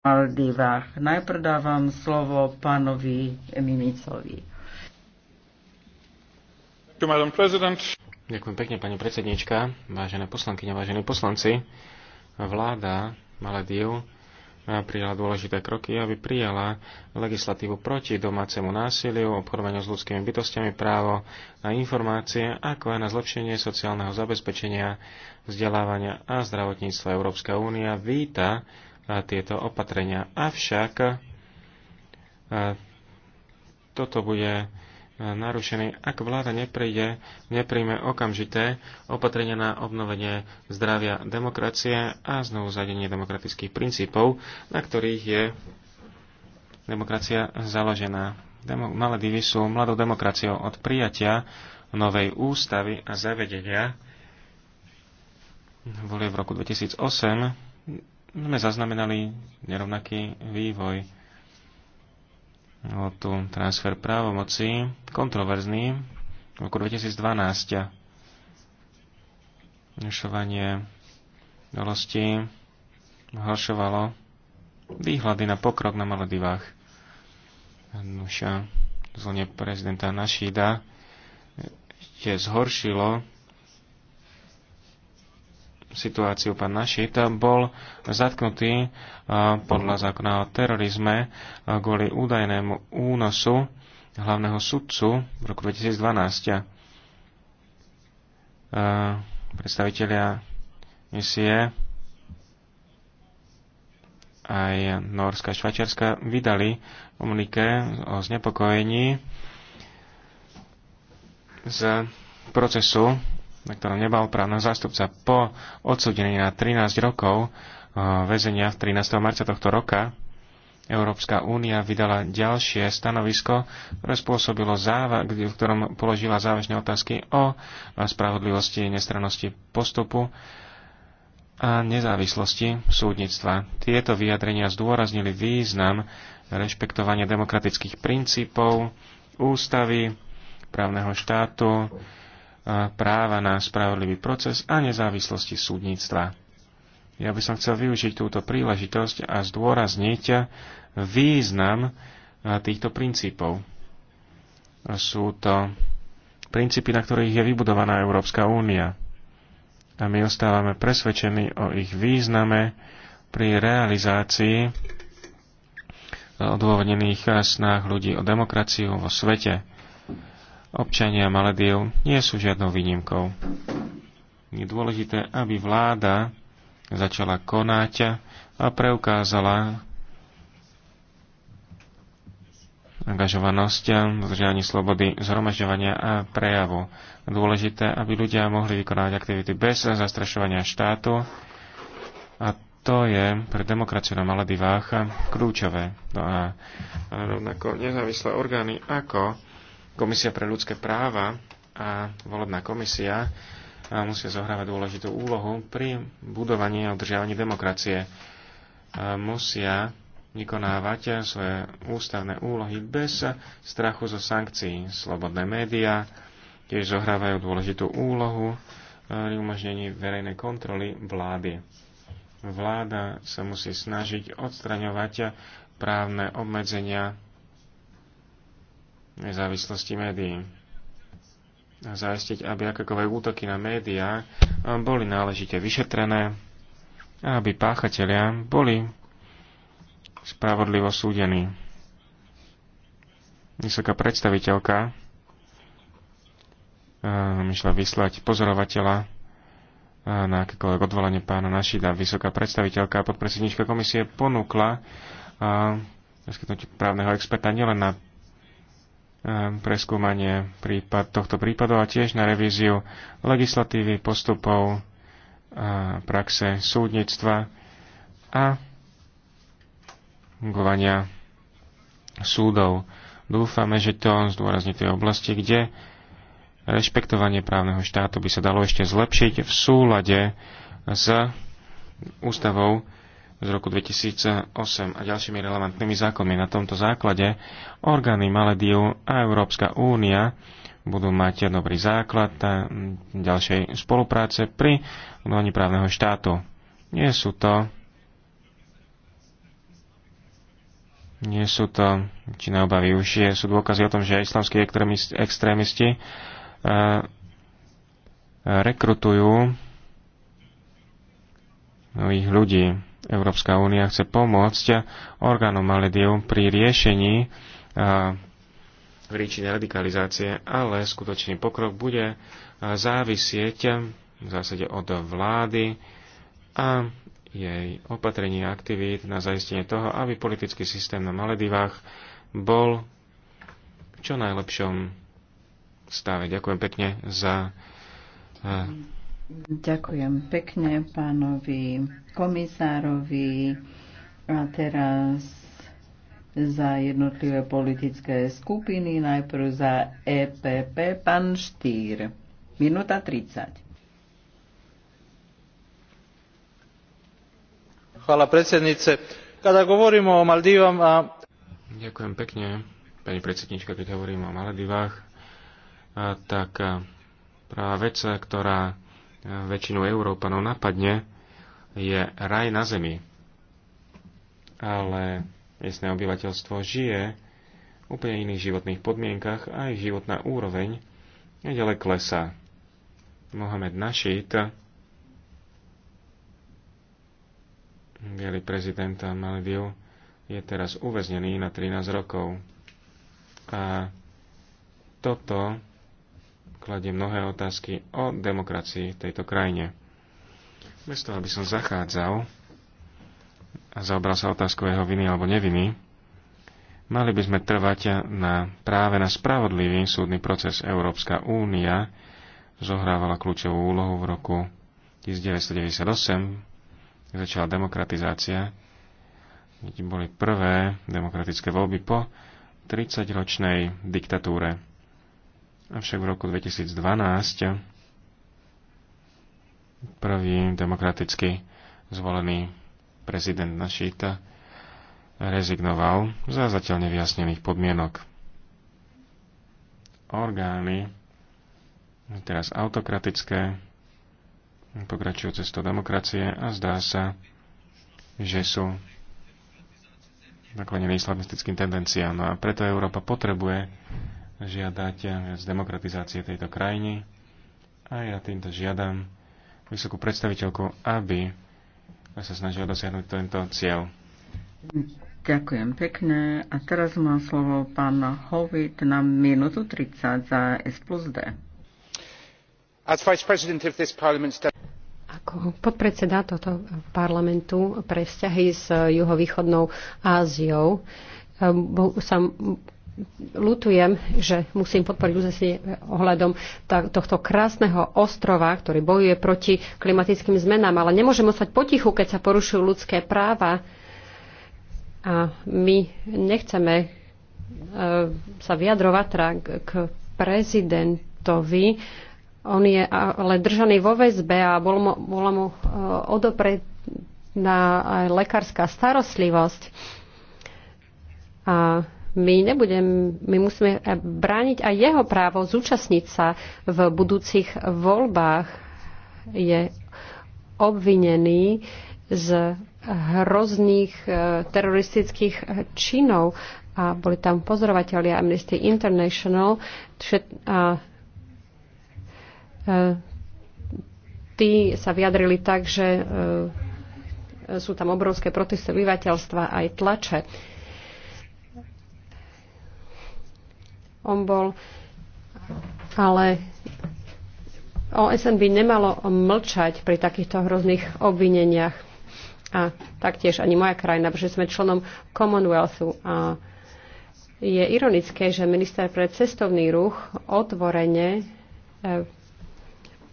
Maldivách. Najprv dávam slovo pánovi Mimicovi. Ďakujem pekne, pani predsednička, vážené poslankyne, vážení poslanci. Vláda Maledív prijala dôležité kroky, aby prijala legislatívu proti domácemu násiliu, obchodovaniu s ľudskými bytostiami, právo na informácie, ako aj na zlepšenie sociálneho zabezpečenia, vzdelávania a zdravotníctva. Európska únia víta tieto opatrenia. Avšak e, toto bude e, narušené, ak vláda nepríde, nepríjme okamžité opatrenia na obnovenie zdravia demokracie a znovu zadenie demokratických princípov, na ktorých je demokracia založená. Demo- Maledivy sú mladou demokraciou od prijatia novej ústavy a zavedenia volie v roku 2008 sme zaznamenali nerovnaký vývoj. Bol tu transfer právomoci, kontroverzný, v roku 2012. Nešovanie dolosti hlašovalo výhľady na pokrok na Maledivách. Nuša zvolenie prezidenta Našída ešte zhoršilo situáciu. Pán Našit bol zatknutý e, podľa zákona o terorizme e, kvôli údajnému únosu hlavného sudcu v roku 2012. E, predstavitelia misie aj Norska a Švačiarska vydali komunike o znepokojení z procesu na ktorom nebal právna zástupca po odsúdení na 13 rokov eh, väzenia 13. marca tohto roka Európska únia vydala ďalšie stanovisko, ktoré spôsobilo záva, v ktorom položila závažné otázky o spravodlivosti, nestrannosti postupu a nezávislosti súdnictva. Tieto vyjadrenia zdôraznili význam rešpektovania demokratických princípov, ústavy, právneho štátu, práva na spravodlivý proces a nezávislosti súdnictva. Ja by som chcel využiť túto príležitosť a zdôrazniť význam týchto princípov. Sú to princípy, na ktorých je vybudovaná Európska únia. A my ostávame presvedčení o ich význame pri realizácii odôvodnených snách ľudí o demokraciu vo svete. Občania Malediev nie sú žiadnou výnimkou. Je dôležité, aby vláda začala konať a preukázala angažovanosť, dodržiavanie slobody zhromažďovania a prejavu. Dôležité, aby ľudia mohli vykonávať aktivity bez zastrašovania štátu a to je pre demokraciu na Maledivách kľúčové. No a rovnako nezávislé orgány ako Komisia pre ľudské práva a volebná komisia musia zohrávať dôležitú úlohu pri budovaní a udržiavaní demokracie. Musia vykonávať svoje ústavné úlohy bez strachu zo sankcií. Slobodné médiá tiež zohrávajú dôležitú úlohu pri umožnení verejnej kontroly vlády. Vláda sa musí snažiť odstraňovať právne obmedzenia nezávislosti médií a zaistiť, aby akékoľvek útoky na médiá boli náležite vyšetrené a aby páchatelia boli spravodlivo súdení. Vysoká predstaviteľka myšla vyslať pozorovateľa na akékoľvek odvolanie pána Našida. Vysoká predstaviteľka a podpredsednička komisie ponúkla a, právneho experta nielen na E, preskúmanie prípad, tohto prípadu a tiež na revíziu legislatívy, postupov, e, praxe súdnictva a fungovania súdov. Dúfame, že to zdôrazní tej oblasti, kde rešpektovanie právneho štátu by sa dalo ešte zlepšiť v súlade s ústavou z roku 2008 a ďalšími relevantnými zákonmi. Na tomto základe orgány Malediu a Európska únia budú mať dobrý základ ďalšej spolupráce pri budovaní právneho štátu. Nie sú to nie sú to či na obavy už je, sú dôkazy o tom, že islamskí extrémisti, extrémisti e, rekrutujú nových ľudí Európska únia chce pomôcť orgánom Malediu pri riešení príčiny radikalizácie, ale skutočný pokrok bude závisieť v zásade od vlády a jej opatrení a aktivít na zaistenie toho, aby politický systém na Maledivách bol v čo najlepšom stave. Ďakujem pekne za Ďakujem pekne pánovi komisárovi a teraz za jednotlivé politické skupiny, najprv za EPP, pán Štýr. Minúta 30. Hvala predsednice. Kada govorimo o Maldivama... Ďakujem pekne, pani predsednička, keď hovorím o Maldivách, tak práve vec, ktorá väčšinu Európanov napadne, je raj na zemi. Ale miestne obyvateľstvo žije v úplne iných životných podmienkach a ich životná úroveň nedele klesá. Mohamed Našit, bielý prezidenta Maldiv, je teraz uväznený na 13 rokov. A toto kladie mnohé otázky o demokracii v tejto krajine. Bez toho, aby som zachádzal a zaobral sa otázkou jeho viny alebo neviny, mali by sme trvať na, práve na spravodlivý súdny proces. Európska únia zohrávala kľúčovú úlohu v roku 1998, začala demokratizácia, kde boli prvé demokratické voľby po 30-ročnej diktatúre Avšak v roku 2012 prvý demokraticky zvolený prezident Našita rezignoval za zatiaľ nevyjasnených podmienok. Orgány, teraz autokratické, pokračujú cestou demokracie a zdá sa, že sú naklonené islamistickým tendenciám. No a preto Európa potrebuje žiadať viac demokratizácie tejto krajiny a ja týmto žiadam vysokú predstaviteľku, aby sa snažila dosiahnuť tento cieľ. Ďakujem pekne. A teraz má slovo pán Hovit na minútu 30 za S plus D. Ako podpredseda tohto parlamentu pre vzťahy s juhovýchodnou Áziou ehm, sa lutujem, že musím podporiť uznesenie ohľadom tohto krásneho ostrova, ktorý bojuje proti klimatickým zmenám, ale nemôžem ostať potichu, keď sa porušujú ľudské práva. A my nechceme e, sa vyjadrovať k prezidentovi. On je ale držaný vo väzbe a bola mu, bola mu e, odopretná lekárska starostlivosť. A my, nebudem, my musíme brániť aj jeho právo zúčastniť sa v budúcich voľbách. Je obvinený z hrozných e, teroristických činov a boli tam pozorovatelia Amnesty International a e, tí sa vyjadrili tak, že e, sú tam obrovské protesty obyvateľstva aj tlače. on bol, ale OSN by nemalo mlčať pri takýchto hrozných obvineniach. A taktiež ani moja krajina, pretože sme členom Commonwealthu. A je ironické, že minister pre cestovný ruch otvorene e,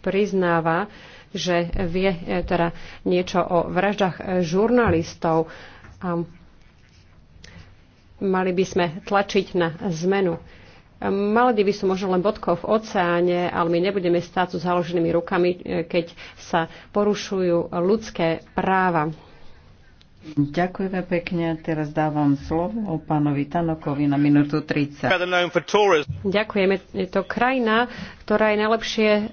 priznáva, že vie e, teda niečo o vraždách e, žurnalistov. A mali by sme tlačiť na zmenu Maledy by sú možno len bodkov v oceáne, ale my nebudeme stáť so založenými rukami, e, keď sa porušujú ľudské práva. Ďakujeme pekne. Teraz dávam slovo pánovi Tanokovi na minútu 30. Ďakujeme. Je to krajina, ktorá je najlepšie e,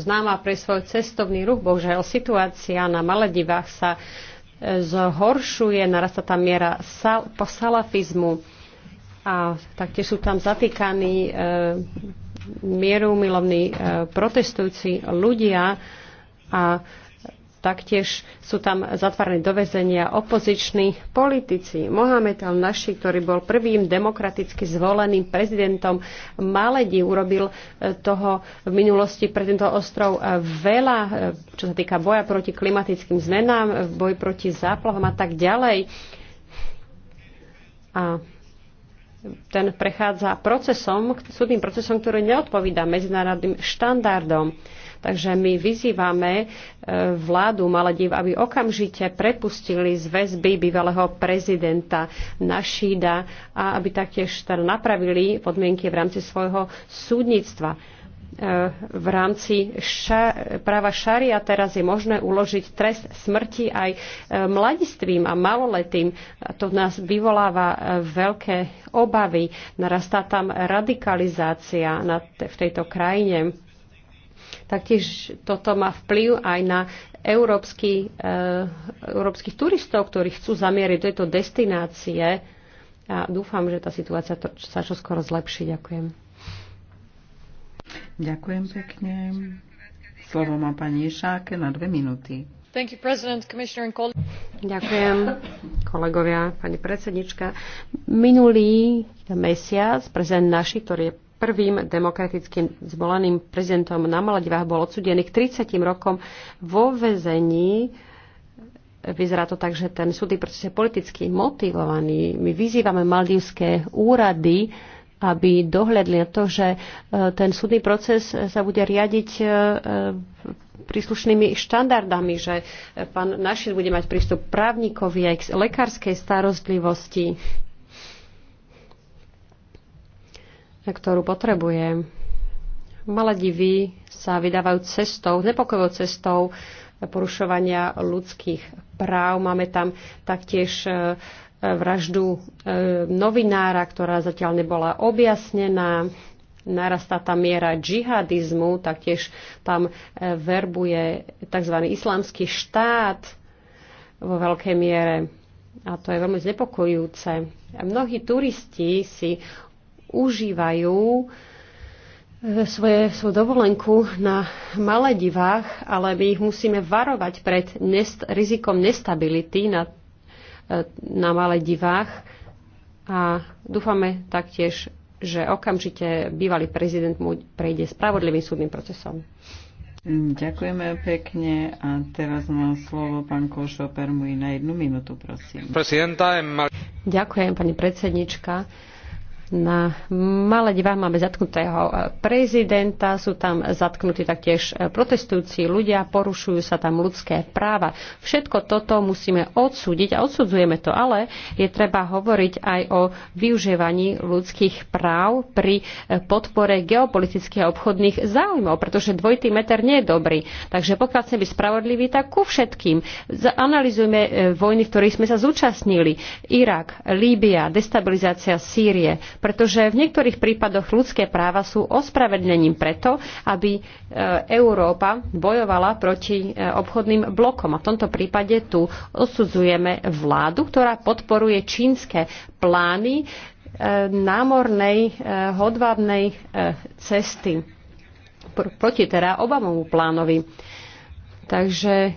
známa pre svoj cestovný ruch. Bohužiaľ, situácia na Maledivách sa e, zhoršuje, narasta tam miera sal- po salafizmu a taktiež sú tam zatýkaní e, mierumilovní e, protestujúci ľudia a taktiež sú tam zatvorení do väzenia opoziční politici. Mohamed al-Naši, ktorý bol prvým demokraticky zvoleným prezidentom Maledi, urobil e, toho v minulosti pre tento ostrov e, veľa, e, čo sa týka boja proti klimatickým zmenám, boj proti záplavom a tak ďalej. A ten prechádza procesom, súdnym procesom, ktorý neodpovída medzinárodným štandardom. Takže my vyzývame e, vládu Maledív, aby okamžite prepustili z väzby bývalého prezidenta Našída a aby taktiež teda napravili podmienky v rámci svojho súdnictva v rámci ša- práva šaria teraz je možné uložiť trest smrti aj e, mladistvým a maloletým. To v nás vyvoláva e, veľké obavy. Narastá tam radikalizácia v tejto krajine. Taktiež toto má vplyv aj na európsky, e, európskych turistov, ktorí chcú zamieriť do tejto destinácie. A dúfam, že tá situácia to, sa čoskoro zlepší. Ďakujem. Ďakujem pekne. Slovo má pani Ješáke na dve minúty. You, Ďakujem, kolegovia, pani predsednička. Minulý mesiac prezident Naši, ktorý je prvým demokratickým zvoleným prezidentom na Maledivách, bol odsudený k 30 rokom vo vezení. Vyzerá to tak, že ten súdny proces je politicky motivovaný. My vyzývame maldivské úrady, aby dohľadli na to, že e, ten súdny proces sa bude riadiť e, e, príslušnými štandardami, že pán Našil bude mať prístup právnikovi aj k lekárskej starostlivosti, ktorú potrebuje. Maladivy sa vydávajú cestou, nepokojovou cestou porušovania ľudských práv. Máme tam taktiež vraždu e, novinára, ktorá zatiaľ nebola objasnená. Narastá tá miera džihadizmu, taktiež tam e, verbuje tzv. islamský štát vo veľkej miere. A to je veľmi znepokojujúce. A mnohí turisti si užívajú e, svoje, svoju dovolenku na Maledivách, ale my ich musíme varovať pred nest, rizikom nestability na na malé divách A dúfame taktiež, že okamžite bývalý prezident mu prejde spravodlivým súdnym procesom. Ďakujeme pekne a teraz má slovo pán Košo Permuj na jednu minútu, prosím. Ďakujem, pani predsednička. Na malé divá máme zatknutého eh, prezidenta, sú tam zatknutí taktiež eh, protestujúci ľudia, porušujú sa tam ľudské práva. Všetko toto musíme odsúdiť a odsudzujeme to, ale je treba hovoriť aj o využívaní ľudských práv pri eh, podpore geopolitických a obchodných záujmov, pretože dvojitý meter nie je dobrý. Takže pokiaľ chceme byť spravodliví, tak ku všetkým. Analizujme vojny, v ktorých sme sa zúčastnili. Irak, Líbia, destabilizácia Sýrie pretože v niektorých prípadoch ľudské práva sú ospravedlením preto, aby e, Európa bojovala proti e, obchodným blokom. A v tomto prípade tu osudzujeme vládu, ktorá podporuje čínske plány e, námornej hodvábnej cesty proti teda Obamovu plánovi. Takže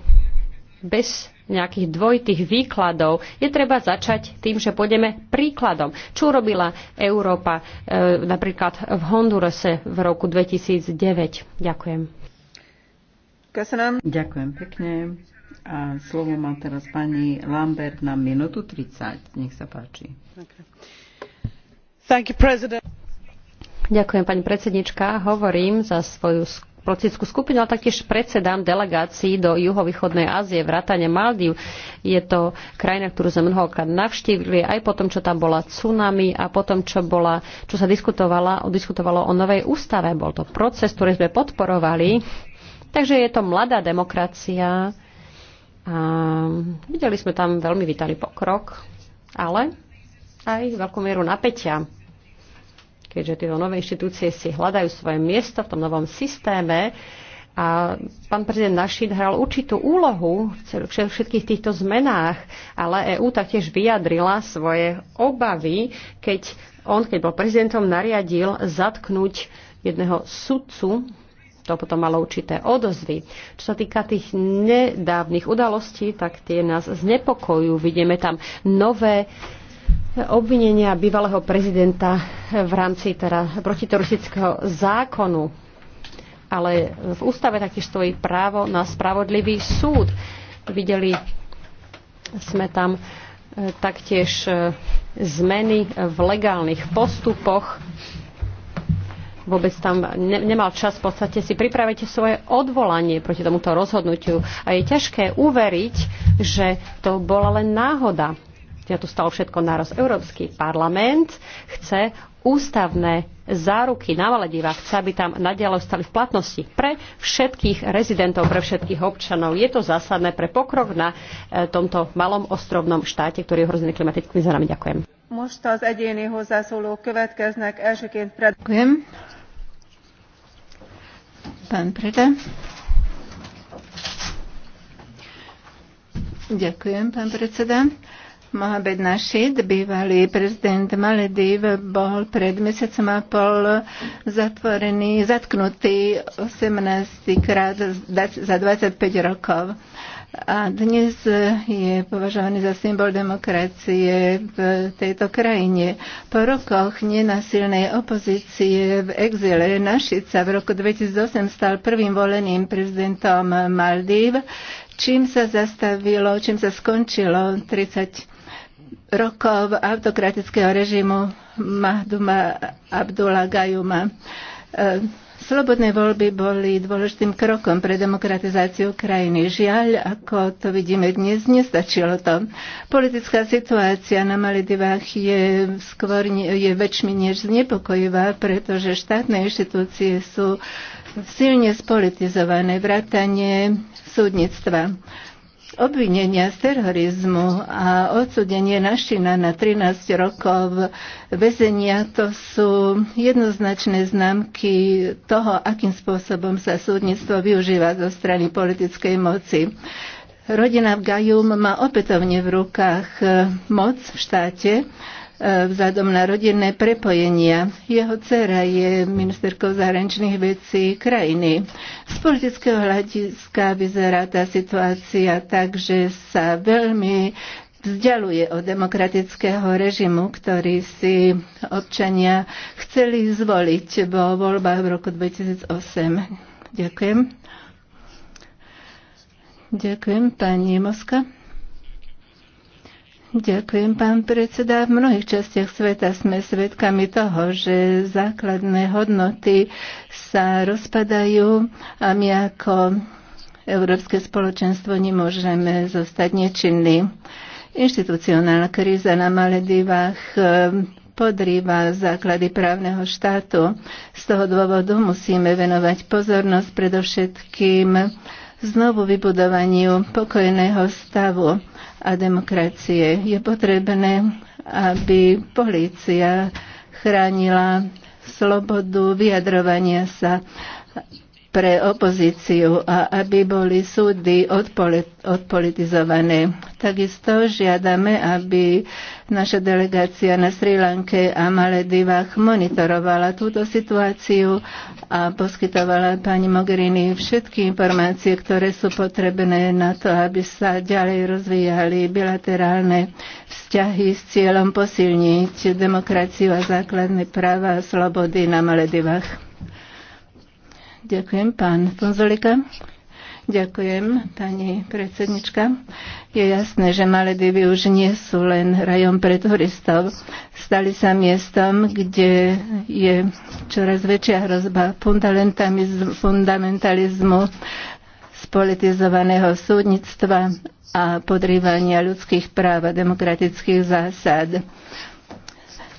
bez nejakých dvojitých výkladov. Je treba začať tým, že pôjdeme príkladom. Čo robila Európa e, napríklad v Hondurase v roku 2009? Ďakujem. Ďakujem pekne. A slovo má teraz pani Lambert na minútu 30. Nech sa páči. Thank you, president. Ďakujem, pani predsednička. Hovorím za svoju skupinu politickú skupinu, ale taktiež predsedám delegácií do juhovýchodnej Ázie, vrátane Maldiv. Je to krajina, ktorú sme mnohokrát navštívili, aj potom, čo tam bola tsunami a potom, čo, bola, čo sa diskutovala, diskutovalo o novej ústave. Bol to proces, ktorý sme podporovali. Takže je to mladá demokracia. A videli sme tam veľmi vitalý pokrok, ale aj veľkú mieru napätia keďže tieto nové inštitúcie si hľadajú svoje miesto v tom novom systéme. A pán prezident Našin hral určitú úlohu v všetkých týchto zmenách, ale EÚ taktiež vyjadrila svoje obavy, keď on, keď bol prezidentom, nariadil zatknúť jedného sudcu, to potom malo určité odozvy. Čo sa týka tých nedávnych udalostí, tak tie nás znepokojujú. Vidíme tam nové obvinenia bývalého prezidenta v rámci teda protiteroristického zákonu. Ale v ústave taktiež stojí právo na spravodlivý súd. Videli sme tam e, taktiež e, zmeny v legálnych postupoch. Vôbec tam ne- nemal čas v podstate si pripraviť svoje odvolanie proti tomuto rozhodnutiu. A je ťažké uveriť, že to bola len náhoda ja tu stalo všetko naraz. Európsky parlament chce ústavné záruky na Maledivách, chce, aby tam nadiaľ ostali v platnosti pre všetkých rezidentov, pre všetkých občanov. Je to zásadné pre pokrok na e, tomto malom ostrovnom štáte, ktorý je ohrozený klimatickými zmenami. Ďakujem. Ďakujem. Pán Preda. Ďakujem, pán predseda. Mohamed Nasheed, bývalý prezident Malediv bol pred mesiacom a pol zatvorený, zatknutý 18 krát za 25 rokov. A dnes je považovaný za symbol demokracie v tejto krajine. Po rokoch nenasilnej opozície v exile Našica v roku 2008 stal prvým voleným prezidentom Maldív, čím sa zastavilo, čím sa skončilo 30 rokov autokratického režimu Mahduma Abdullah Gajuma. E, slobodné voľby boli dôležitým krokom pre demokratizáciu krajiny. Žiaľ, ako to vidíme dnes, nestačilo to. Politická situácia na Maledivách je skôr je väčšmi než znepokojivá, pretože štátne inštitúcie sú silne spolitizované, vrátanie súdnictva. Obvinenia z terorizmu a odsudenie Našina na 13 rokov väzenia to sú jednoznačné známky toho, akým spôsobom sa súdnictvo využíva zo strany politickej moci. Rodina v Gajum má opätovne v rukách moc v štáte E, vzhľadom na rodinné prepojenia. Jeho dcera je ministerkou zahraničných vecí krajiny. Z politického hľadiska vyzerá tá situácia tak, že sa veľmi vzdialuje od demokratického režimu, ktorý si občania chceli zvoliť vo voľbách v roku 2008. Ďakujem. Ďakujem, pani Moska. Ďakujem, pán predseda. V mnohých častiach sveta sme svedkami toho, že základné hodnoty sa rozpadajú a my ako Európske spoločenstvo nemôžeme zostať nečinní. Inštitucionálna kríza na Maledivách ehm, podrýva základy právneho štátu. Z toho dôvodu musíme venovať pozornosť predovšetkým znovu vybudovaniu pokojného stavu a demokracie. Je potrebné, aby polícia chránila slobodu vyjadrovania sa pre opozíciu a aby boli súdy odpolitizované. Takisto žiadame, aby naša delegácia na Sri Lanke a Maledivách monitorovala túto situáciu a poskytovala pani Mogherini všetky informácie, ktoré sú potrebné na to, aby sa ďalej rozvíjali bilaterálne vzťahy s cieľom posilniť demokraciu a základné práva a slobody na Maledivách. Ďakujem, pán Fonzolika. Ďakujem, pani predsednička. Je jasné, že Maledivy už nie sú len rajom pre turistov. Stali sa miestom, kde je čoraz väčšia hrozba fundamentalizmu, spolitizovaného súdnictva a podrývania ľudských práv a demokratických zásad.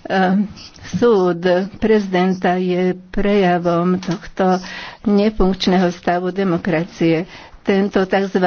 Eh, súd prezidenta je prejavom tohto nefunkčného stavu demokracie tento tzv.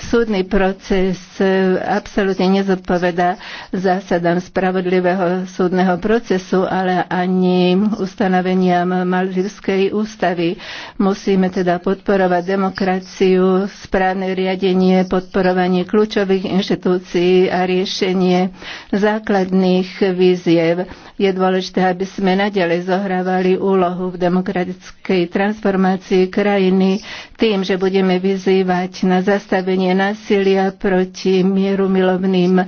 súdny proces e, absolútne nezodpoveda zásadám spravodlivého súdneho procesu, ale ani ustanoveniam Maldivskej ústavy. Musíme teda podporovať demokraciu, správne riadenie, podporovanie kľúčových inštitúcií a riešenie základných víziev. Je dôležité, aby sme nadalej zohrávali úlohu v demokratickej transformácii krajiny tým, že budeme vyzývať na zastavenie násilia proti mierumilovným um,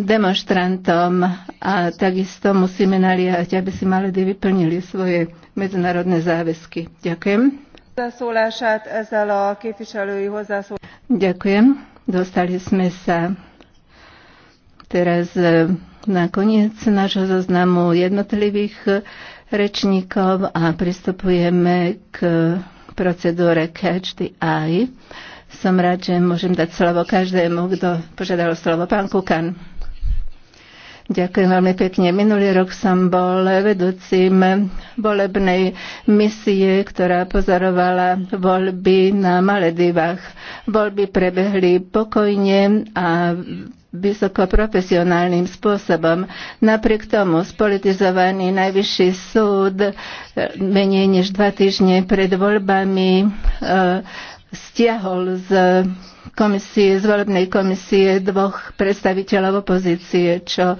demonstrantom a takisto musíme naliehať, aby si Maledy vyplnili svoje medzinárodné záväzky. Ďakujem. Ďakujem. Dostali sme sa teraz e, na koniec nášho zoznamu jednotlivých e, rečníkov a pristupujeme k procedúre Catch the Eye. Som rád, že môžem dať slovo každému, kto požiadal slovo. Pán Kukan. Ďakujem veľmi pekne. Minulý rok som bol vedúcim volebnej misie, ktorá pozorovala voľby na Maledivách. Voľby prebehli pokojne a vysokoprofesionálnym spôsobom. Napriek tomu spolitizovaný najvyšší súd eh, menej než dva týždne pred voľbami uh, stiahol z komisie, z volebnej komisie dvoch predstaviteľov opozície, čo e,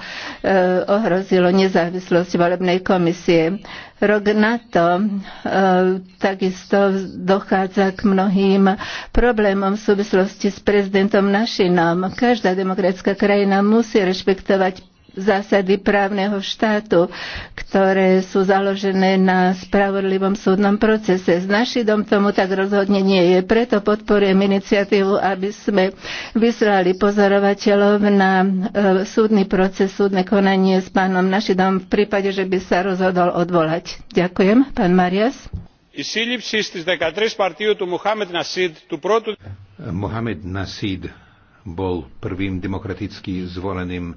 ohrozilo nezávislosť volebnej komisie. Rok na to e, takisto dochádza k mnohým problémom v súvislosti s prezidentom Našinom. Každá demokratická krajina musí rešpektovať zásady právneho štátu, ktoré sú založené na spravodlivom súdnom procese. S našidom tomu tak rozhodne nie je. Preto podporujem iniciatívu, aby sme vyslali pozorovateľov na súdny proces, súdne konanie s pánom dom v prípade, že by sa rozhodol odvolať. Ďakujem, pán Marias. Η σύλληψη στις 13 Μαρτίου του Μουχάμετ Νασίδ, του πρώτου... Μουχάμετ Νασίδ bol prvým demokraticky zvoleným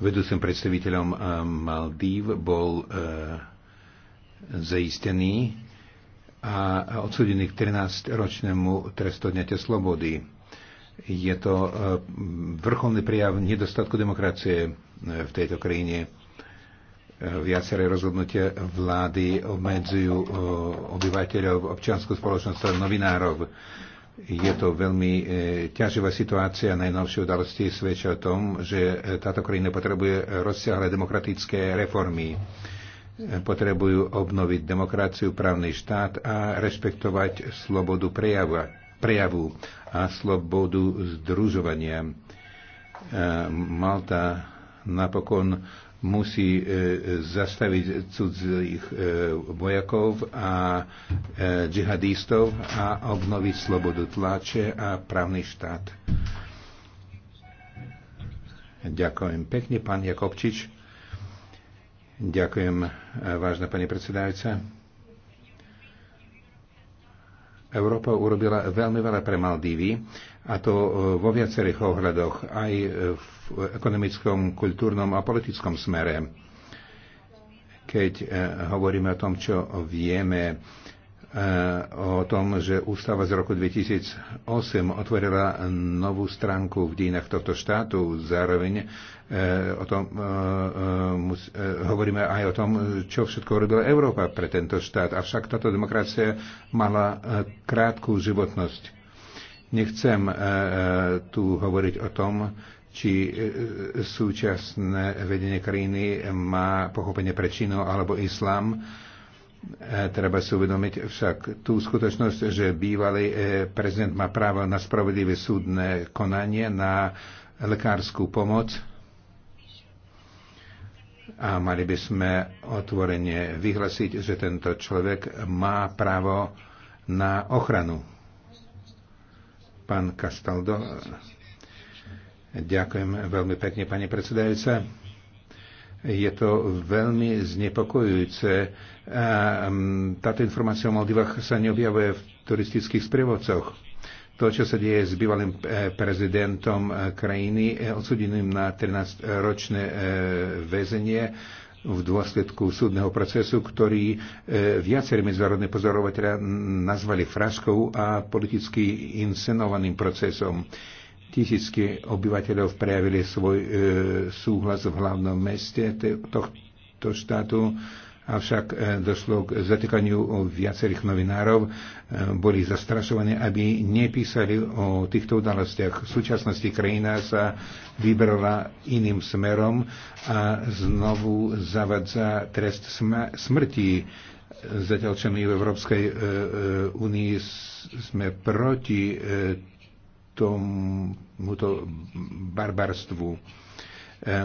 vedúcim predstaviteľom eh, Maldív bol eh, zaistený a odsudený k 13-ročnému trestu odňatia slobody. Je to eh, vrcholný prijav nedostatku demokracie v tejto krajine. Viaceré rozhodnutia vlády obmedzujú obyvateľov, občianskú spoločnosť a novinárov je to veľmi e, ťaživá situácia. Najnovšie udalosti svedčia o tom, že e, táto krajina potrebuje rozsiahle demokratické reformy. E, potrebujú obnoviť demokraciu, právny štát a rešpektovať slobodu prejavu, prejavu a slobodu združovania. E, Malta napokon musí e, zastaviť cudzých e, vojakov a e, džihadistov a obnoviť slobodu tlače a právny štát. Ďakujem pekne, pán Jakobčič. Ďakujem, e, vážna pani predsedajúca. Európa urobila veľmi veľa pre Maldívy a to e, vo viacerých ohľadoch, aj e, v ekonomickom, kultúrnom a politickom smere. Keď e, hovoríme o tom, čo vieme, o tom, že ústava z roku 2008 otvorila novú stránku v dínach tohto štátu, zároveň o tom, hovoríme aj o tom, čo všetko robila Európa pre tento štát. Avšak táto demokracia mala krátku životnosť Nechcem e, e, tu hovoriť o tom, či e, súčasné vedenie krajiny má pochopenie pre Čínu alebo islám. Treba si uvedomiť však tú skutočnosť, že bývalý prezident má právo na spravodlivé súdne konanie, na lekárskú pomoc a mali by sme otvorene vyhlasiť, že tento človek má právo na ochranu. Pán Castaldo. Ďakujem veľmi pekne, pani predsedajúca. Je to veľmi znepokojujúce. Táto informácia o Maldivách sa neobjavuje v turistických sprievodcoch. To, čo sa deje s bývalým e, prezidentom e, krajiny, e, odsudeným na 13-ročné väzenie, v dôsledku súdneho procesu, ktorý e, viaceré medzinárodní pozorovateľa nazvali fraskou a politicky inscenovaným procesom. Tisícky obyvateľov prejavili svoj e, súhlas v hlavnom meste tohto štátu avšak e, došlo k zatýkaniu viacerých novinárov, e, boli zastrašovaní, aby nepísali o týchto udalostiach. V súčasnosti krajina sa vybrala iným smerom a znovu zavadza trest smrti. Zatiaľ, čo my v Európskej únii e, sme proti tomuto barbarstvu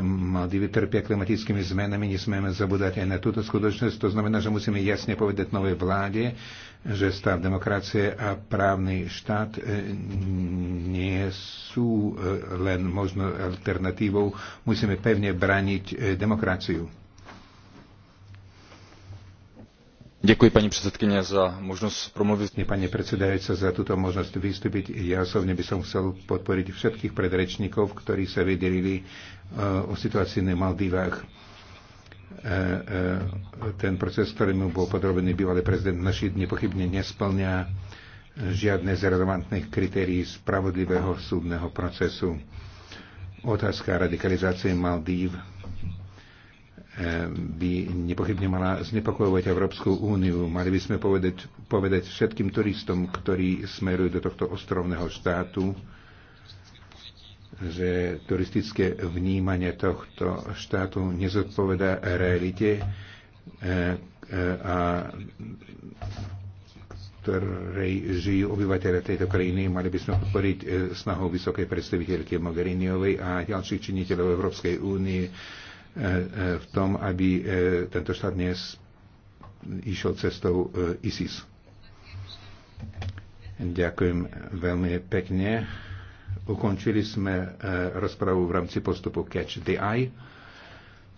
mladí vytrpia klimatickými zmenami, nesmieme zabúdať aj na túto skutočnosť. To znamená, že musíme jasne povedať novej vláde, že stav demokracie a právny štát e, nie sú e, len možno alternatívou. Musíme pevne braniť e, demokraciu. Ďakujem pani predsedkynia za možnosť promluviť. Pani predsedajúca za túto možnosť vystúpiť. Ja osobne by som chcel podporiť všetkých predrečníkov, ktorí sa vydelili e, o situácii na Maldivách. E, e, ten proces, ktorému bol podrobený bývalý prezident Našid, nepochybne nesplňa žiadne z relevantných kritérií spravodlivého súdneho procesu. Otázka radikalizácie Maldív by nepochybne mala znepokojovať Európsku úniu. Mali by sme povedať, povedať všetkým turistom, ktorí smerujú do tohto ostrovného štátu, že turistické vnímanie tohto štátu nezodpoveda realite e, a ktorej žijú obyvateľe tejto krajiny. Mali by sme podporiť e, snahou vysokej predstaviteľky Mogheriniovej a ďalších činiteľov Európskej únie E, e, v tom, aby e, tento štát dnes išiel cestou ISIS. Ďakujem veľmi pekne. Ukončili sme rozpravu v rámci postupu Catch the Eye.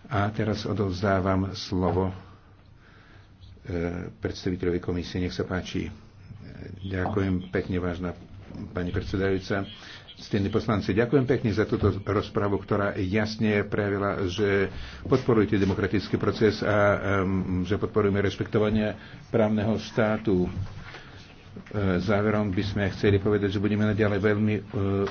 A teraz odovzdávam slovo predstaviteľovi komisie. Nech sa páči. Ďakujem pekne, vážna pani predsedajúca. Stení poslanci, ďakujem pekne za túto rozpravu, ktorá jasne prejavila, že podporujete demokratický proces a um, že podporujeme rešpektovanie právneho štátu. E, záverom by sme chceli povedať, že budeme naďalej veľmi e,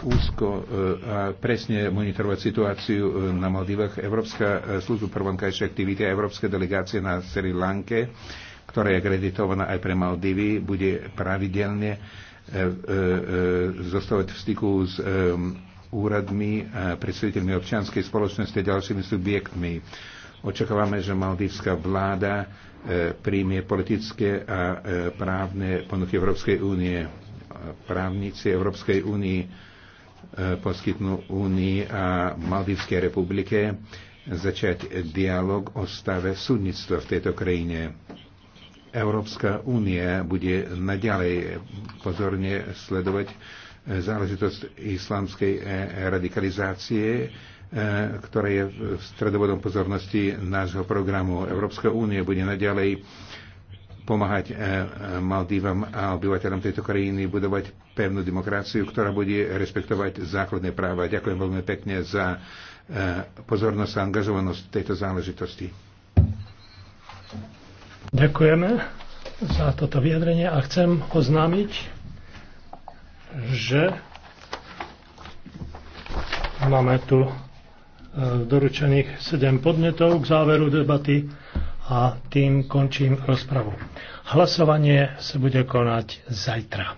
úzko e, a presne monitorovať situáciu na Maldivách. Európska služba pre vonkajšie aktivity a Európska delegácia na Sri Lanke, ktorá je akreditovaná aj pre Maldivy, bude pravidelne E, e, e, zostávať v styku s úradmi a predstaviteľmi občianskej spoločnosti a ďalšími subjektmi. Očakávame, že maldívska vláda príjme politické a právne ponuky Európskej únie. Právnici Európskej únie poskytnú Únii a Maldívskej republike začať dialog o stave súdnictva v tejto krajine. Európska únia bude naďalej pozorne sledovať eh, záležitosť islamskej eh, radikalizácie, eh, ktorá je v stredovodom pozornosti nášho programu. Európska únia bude naďalej pomáhať Maldívam a obyvateľom tejto krajiny budovať pevnú demokraciu, ktorá bude rešpektovať základné práva. Ďakujem veľmi pekne za pozornosť a angažovanosť tejto záležitosti. Ďakujeme za toto vyjadrenie a chcem oznámiť, že máme tu e, doručených 7 podnetov k záveru debaty a tým končím rozpravu. Hlasovanie sa bude konať zajtra.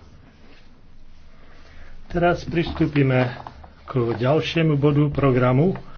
Teraz pristúpime k ďalšiemu bodu programu.